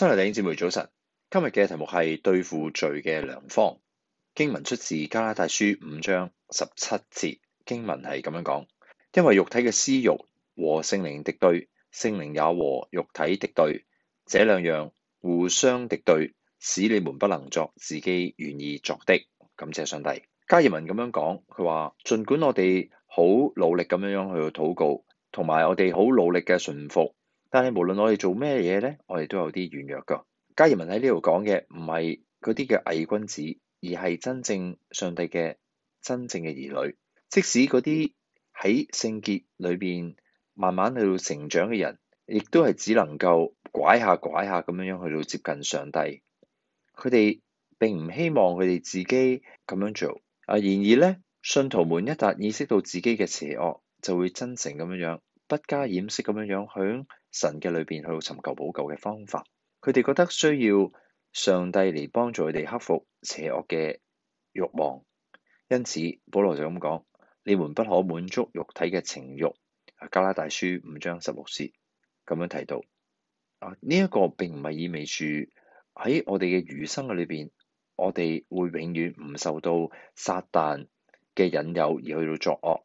新嚟弟兄姊妹早晨，今日嘅題目係對付罪嘅良方。經文出自《加拉太書》五章十七節，經文係咁樣講：因為肉體嘅私欲和聖靈敵對，聖靈也和肉體敵對，這兩樣互相敵對，使你們不能作自己願意作的。感謝上帝，加爾文咁樣講，佢話：儘管我哋好努力咁樣樣去禱告，同埋我哋好努力嘅順服。但係無論我哋做咩嘢咧，我哋都有啲軟弱㗎。加爾文喺呢度講嘅唔係嗰啲嘅偽君子，而係真正上帝嘅真正嘅兒女。即使嗰啲喺聖潔裏邊慢慢去到成長嘅人，亦都係只能夠拐下拐下咁樣樣去到接近上帝。佢哋並唔希望佢哋自己咁樣做。啊，然而咧，信徒們一旦意識到自己嘅邪惡，就會真誠咁樣樣。不加掩飾咁樣樣喺神嘅裏邊去尋求補救嘅方法，佢哋覺得需要上帝嚟幫助佢哋克服邪惡嘅欲望，因此保羅就咁講：你們不可滿足肉體嘅情欲。加拉太書五章十六節咁樣提到，啊，呢一個並唔係意味住喺我哋嘅餘生嘅裏邊，我哋會永遠唔受到撒旦嘅引誘而去到作惡。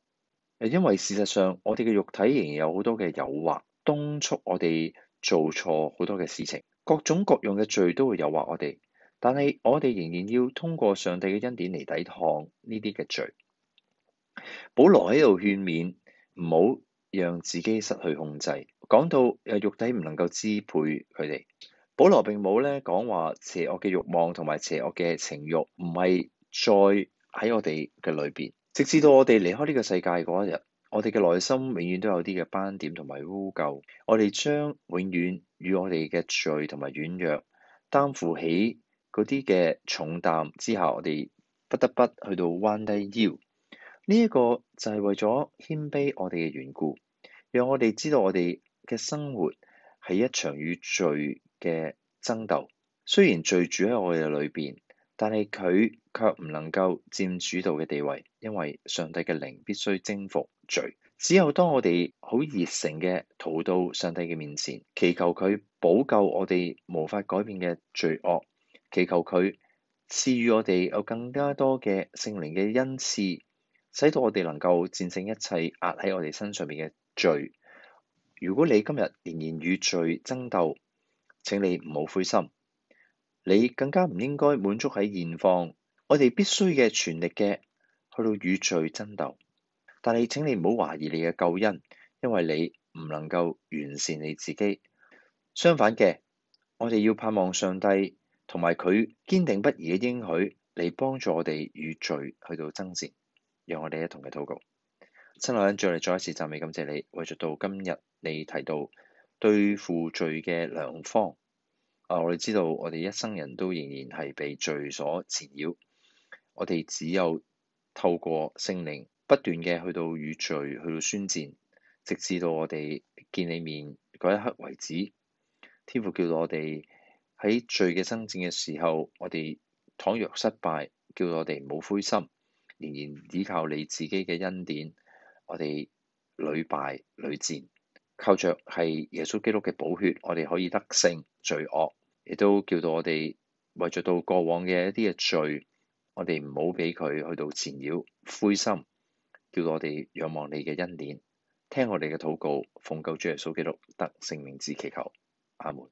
因為事實上，我哋嘅肉體仍然有好多嘅誘惑，督促我哋做錯好多嘅事情，各種各樣嘅罪都會誘惑我哋。但係我哋仍然要通過上帝嘅恩典嚟抵抗呢啲嘅罪。保羅喺度勸勉，唔好讓自己失去控制。講到誒，肉體唔能夠支配佢哋。保羅並冇咧講話邪惡嘅欲望同埋邪惡嘅情欲，唔係再喺我哋嘅裏邊。直至到我哋離開呢個世界嗰一日，我哋嘅內心永遠都有啲嘅斑點同埋污垢，我哋將永遠與我哋嘅罪同埋軟弱擔負起嗰啲嘅重擔之下，我哋不得不去到彎低腰。呢、這、一個就係為咗謙卑我哋嘅緣故，讓我哋知道我哋嘅生活係一場與罪嘅爭鬥。雖然罪住喺我哋裏邊，但係佢，卻唔能夠佔主導嘅地位，因為上帝嘅靈必須征服罪。只有當我哋好熱誠嘅逃到上帝嘅面前，祈求佢補救我哋無法改變嘅罪惡，祈求佢賜予我哋有更加多嘅聖靈嘅恩賜，使到我哋能夠戰勝一切壓喺我哋身上面嘅罪。如果你今日仍然與罪爭鬥，請你唔好灰心，你更加唔應該滿足喺現況。我哋必須嘅全力嘅去到與罪爭鬥，但係請你唔好懷疑你嘅救恩，因為你唔能夠完善你自己。相反嘅，我哋要盼望上帝同埋佢堅定不移嘅應許嚟幫助我哋與罪去到爭戰。讓我哋一同嘅禱告。親愛嘅弟兄，我哋再一次讚美感謝你，為著到今日你提到對付罪嘅良方。啊，我哋知道我哋一生人都仍然係被罪所纏繞。我哋只有透過聖靈不斷嘅去到與罪，去到宣戰，直至到我哋見你面嗰一刻為止。天父叫到我哋喺罪嘅爭戰嘅時候，我哋倘若失敗，叫到我哋冇灰心，仍然依靠你自己嘅恩典。我哋屢敗屢戰，靠着係耶穌基督嘅寶血，我哋可以得勝罪惡，亦都叫到我哋為着到過往嘅一啲嘅罪。我哋唔好畀佢去到纏繞灰心，叫我哋仰望你嘅恩典，聽我哋嘅禱告，奉救主耶穌基督得聖名，之祈求，阿門。